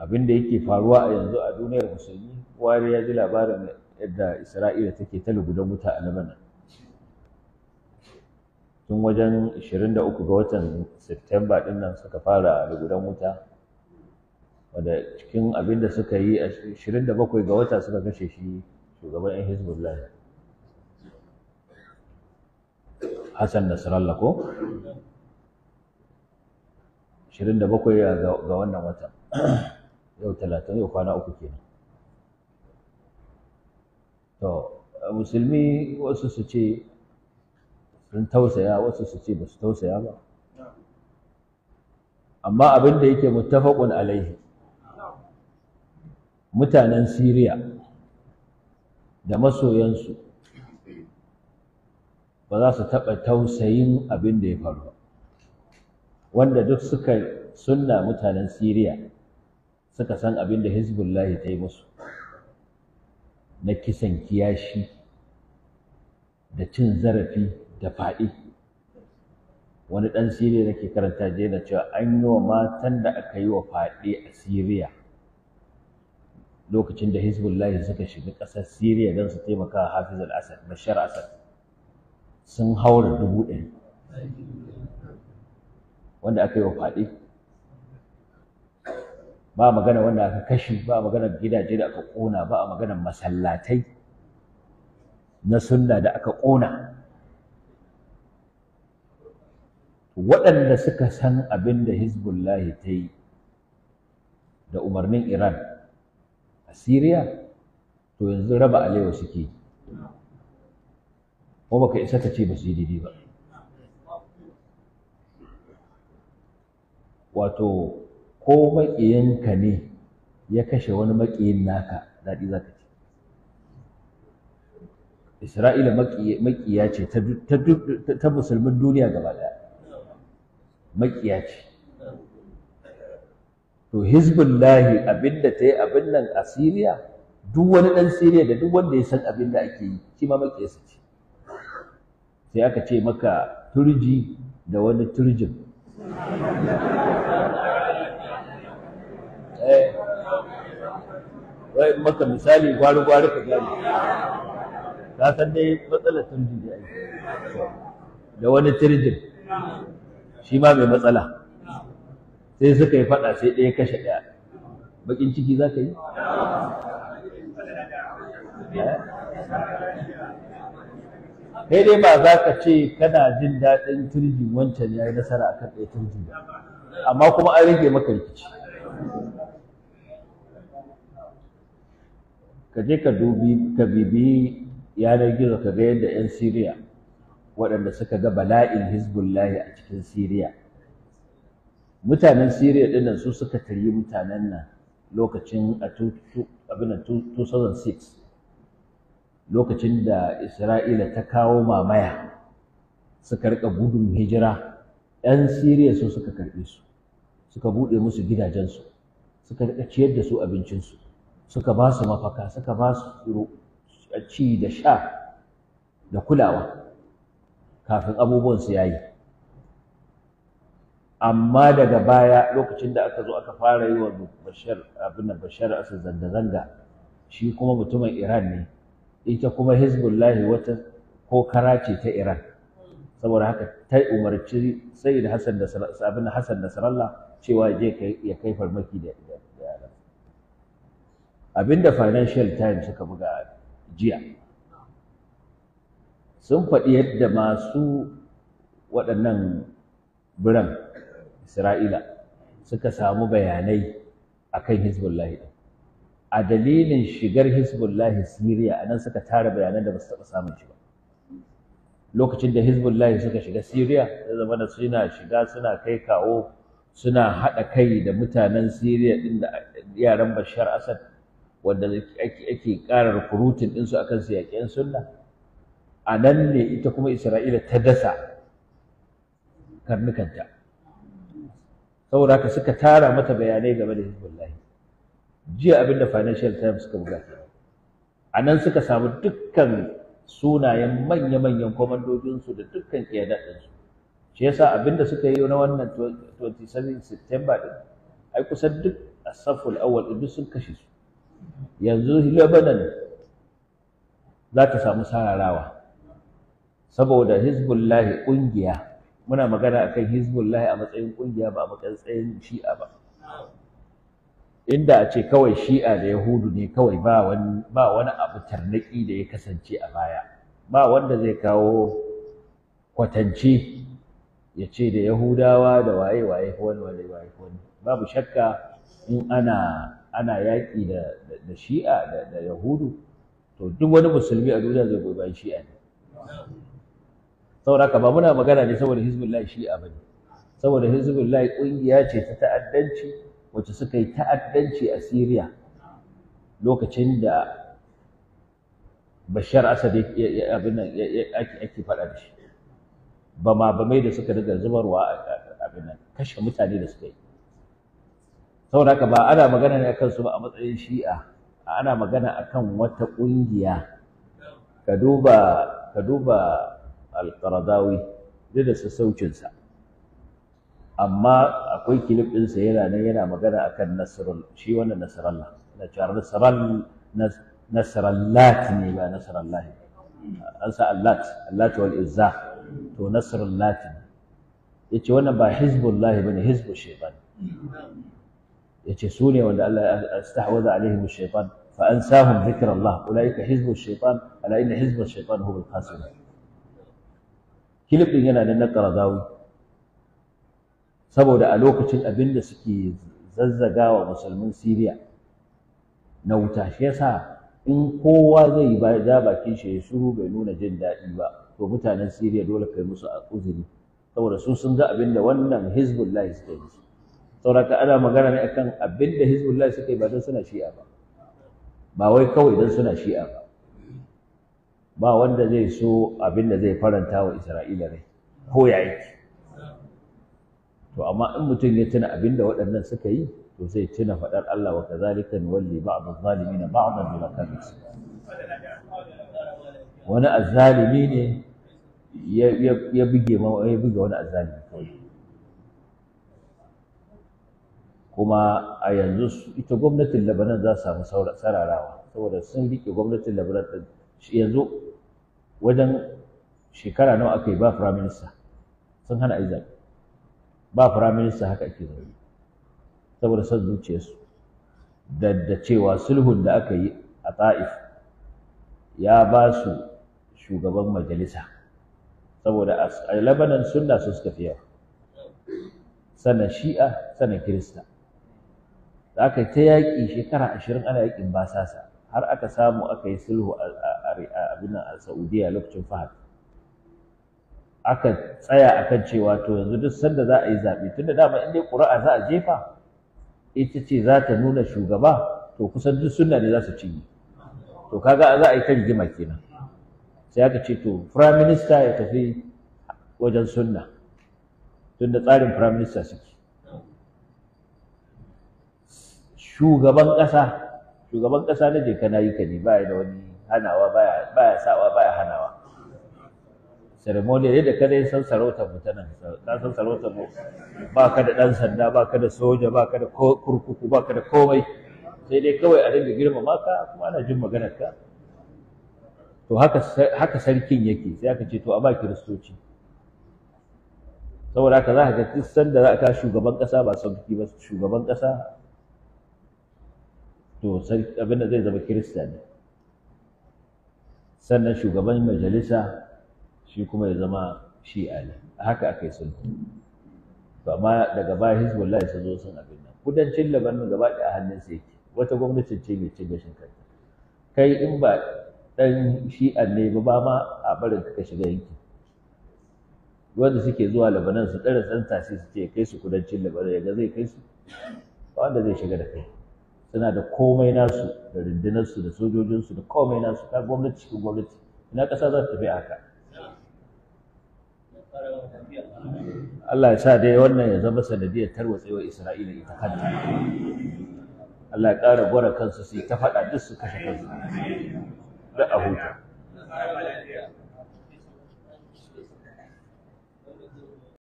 abin da yake faruwa a yanzu a duniyar musulmi Wari ya ji labarin yadda isra'ila take ta lugudan wuta a labanan tun wajen 23 ga watan september din nan suka fara lugudan wuta wadda cikin abin da suka yi a 27 ga wata suka kashe shi shugaban 'yan hezbollah hassan nasarallah ko 27 ga wannan wata yau talatin yau kwana uku kenan to musulmi wasu su ce sun tausaya wasu su ce ba su tausaya ba amma abin da yake muttafaqun alaihi mutanen Siriya da masoyansu ba za su taɓa tausayin abin da ya faru wanda duk suka sunna mutanen Siriya suka san abin da hezbollah ta yi musu na kisan kiyashi da cin zarafi da faɗi wani ɗan siriya nake karanta je na cewa an yi wa matan da aka yi wa faɗi a siriya lokacin da hizbullahi suka shiga ƙasar siriya don su taimaka wa hafiz al-asad bashar asad sun haura dubu ɗari wanda aka yi wa faɗi ba magana wanda aka kashi ba magana gidaje da aka ƙona ba magana masallatai na sunna da aka ƙona waɗanda suka san abin da hizbullahi ta yi da umarnin iran a siriya to yanzu raba alewa suke ko baka isa ka ce ba su yi daidai ba wato ko maƙiyinka ne ya kashe wani maƙiyin naka daɗi za ka ce isra'ila maƙiya ce ta musulmin duniya gaba ɗaya maƙiya ce to hizbullahi da ta yi abin nan a siriya duk wani ɗan siriya da duk wanda ya san abin da ake yi shi ma maƙiyarsa ce sai aka ce maka turji da wani turjin wai maka misali gwari gwari ka gani ka san dai matsalar turjin da ake da wani tirjin shi ma mai matsala sai suka yi faɗa sai ɗaya kashe ɗaya bakin ciki za ka yi eh? kai dai ba za ka ce kana jin daɗin turjin wancan ya yi nasara kan ɗaya turjin ba amma kuma an rage maka rikici ka je ka dubi ka bibi yanar gizo ka ga yadda 'yan Siriya waɗanda suka ga bala'in Hizbullahi a cikin Siriya mutanen Siriya ɗinnan su suka taryi mutanen nan lokacin a 2006 lokacin da Isra'ila ta kawo mamaya suka rika gudun hijira 'yan Siriya su suka karɓe su suka buɗe musu gidajensu suka rika ciyar da su abincinsu suka ba su mafaka suka ba su ci da sha da kulawa kafin abubuwan su yayi amma daga baya lokacin da aka zo aka fara yi wa bashar abin da bashar asa zanga-zanga shi kuma mutumin iran ne ita kuma hezbollah wata ko karace ta iran saboda haka ta umarci sayyid hassan da abin hassan nasrallah cewa je ya kai farmaki da iran abinda financial times suka buga jiya sun faɗi yadda masu waɗannan biran isra'ila suka samu bayanai akan hezbollah a dalilin shigar hezbollah syria nan suka tara bayanan da ba su taɓa samun shi ba lokacin da hezbollah suka shiga syria ya zama da suna shiga suna kai kawo suna haɗa kai da mutanen syria ɗin da yaran bashar asad wanda ake ƙara rukurutin ɗinsu akan kan siyaƙen sunna a nan ne ita kuma isra'ila ta dasa karnukanta saboda haka suka tara mata bayanai game da hizbullahi jiya abin da financial times suka buga a nan suka samu dukkan sunayen manya-manyan kwamandojinsu da dukkan ƙiyadaɗinsu shi yasa abin da suka yi na wannan 27 september ɗin ai kusan duk asaful awwal duk sun kashe su yanzu lebanon za ta samu sararawa saboda Hezbollah ƙungiya muna magana akan hizbullahi a matsayin ƙungiya ba a matsayin shi'a ba inda a ce kawai shi'a da yahudu ne kawai ba wani abu tarnaki da ya kasance a baya ba wanda zai kawo kwatance ya ce da yahudawa da waye waye ko wani wani babu shakka in ana ana yaƙi da shi'a da yahudu to duk wani musulmi a duniya zai goyi bayan shi'a ne saboda ba muna magana ne saboda hizbullah shi'a ba ne saboda hizbullah ƙungiya ce ta ta'addanci wacce suka yi ta'addanci a Siriya lokacin da Bashar Asad abin nan ake faɗa da shi ba ma ba mai da suka daga zubarwa abin nan kashe mutane da suka yi saboda haka ba ana magana ne akan su ba a matsayin shi'a ana magana akan wata ƙungiya ka duba ka duba alƙaradawi duk da sassaucinsa amma akwai kilif ɗinsa yana nan yana magana akan nasarar. shi wannan nasrallah na cewa nasarar nasrallat ne ba nasarar nasrallah an sa allat allat wal izza to nasarar Ya ce wannan ba hizbullah bane hizbu shaytan yace su ne wanda Allah ya istahwaza alaihim ash-shaytan an ansahum dhikra Allah ulaika hizbu ash-shaytan ala inna hizba ash-shaytan huwa al kilif din yana da na qaradawi saboda a lokacin abin da suke zazzagawa musulmin Syria na wuta shi yasa in kowa zai yi ja bakin shi ya shiru bai nuna jin daɗi ba to mutanen Syria dole kai musu a uzuri saboda su sun ga abin da wannan Hizbullah suka yi Saurata ana magana ne akan abin da hizbullah suka yi ba don suna shi'a ba ba wai kawai don suna shi'a ba ba wanda zai so abin da zai faranta wa isra'ila rai ko ya yake to amma in mutum ya tuna abin da waɗannan suka yi to sai tuna faɗar Allah wa kazalika nuwalli ba'dhu zalimin ba'dhan bima kanu wani azzalimi ne ya buge wani azzalimi kawai kuma a yanzu ita gwamnatin Labanan za su samu sararawa saboda sun rike gwamnatin Labanan, ɗin yanzu wajen shekara nawa aka yi ba prime sun hana aizan ba prime minister haka ake zaune saboda son zuciyarsu da da cewa sulhun da aka yi a Ta'if ya ba su shugaban majalisa saboda a labanan sunna su suka fi yawa sannan shi'a sannan kirista da aka ta yaƙi shekara ashirin ana yaƙin basasa har aka samu aka yi sulhu a abin a Saudiya lokacin Fahad aka tsaya a kan cewa to yanzu duk sanda za a yi zaɓe tunda dama in dai ƙuri'a za a jefa ita ce za ta nuna shugaba to kusan duk sunna ne za su cinye to kaga za a yi ta rigima kenan sai aka ce to firaminista ya tafi wajen sunna tunda tsarin firaminista suke shugaban ƙasa shugaban ƙasa na je kana yi ka ne baya da wani hanawa baya baya sawa baya hanawa ceremonial yadda da kada san sarautar mu tana ka san sarautar mu ba ka da dan sanda ba ka da soja ba ka da kurkuku ba ka da komai sai dai kawai a dinga girmama ka kuma ana jin maganar ka to haka haka sarkin yake sai aka ce to a ba kiristoci saboda haka za ka ga duk sanda za ka shugaban ƙasa ba sarki ba shugaban ƙasa. to abin da zai zama kirista ne sannan shugaban majalisa shi kuma ya zama shi'a ne haka aka yi sun to amma daga baya hizbullah sun zo sun abin nan kudancin labarin gaba ɗaya a hannunsa yake wata gwamnatin ce mai cin gashin kanta kai in ba ɗan shi ne ba ba ma a barin ka shiga yankin wanda suke zuwa labanan su tsare tsanta sai su ce kai su kudancin ya ga zai kai su wanda zai shiga da kai suna da komai nasu da rundunarsu da sojojinsu da komai nasu ta gwamnati cikin gwamnati ina ƙasa za ta tafi haka Allah ya sa dai wannan ya zama sanadiyar tarwatsewa Isra'ila ita kanta Allah ya ƙara gwara kansu su ta faɗa duk su kashe kansu da a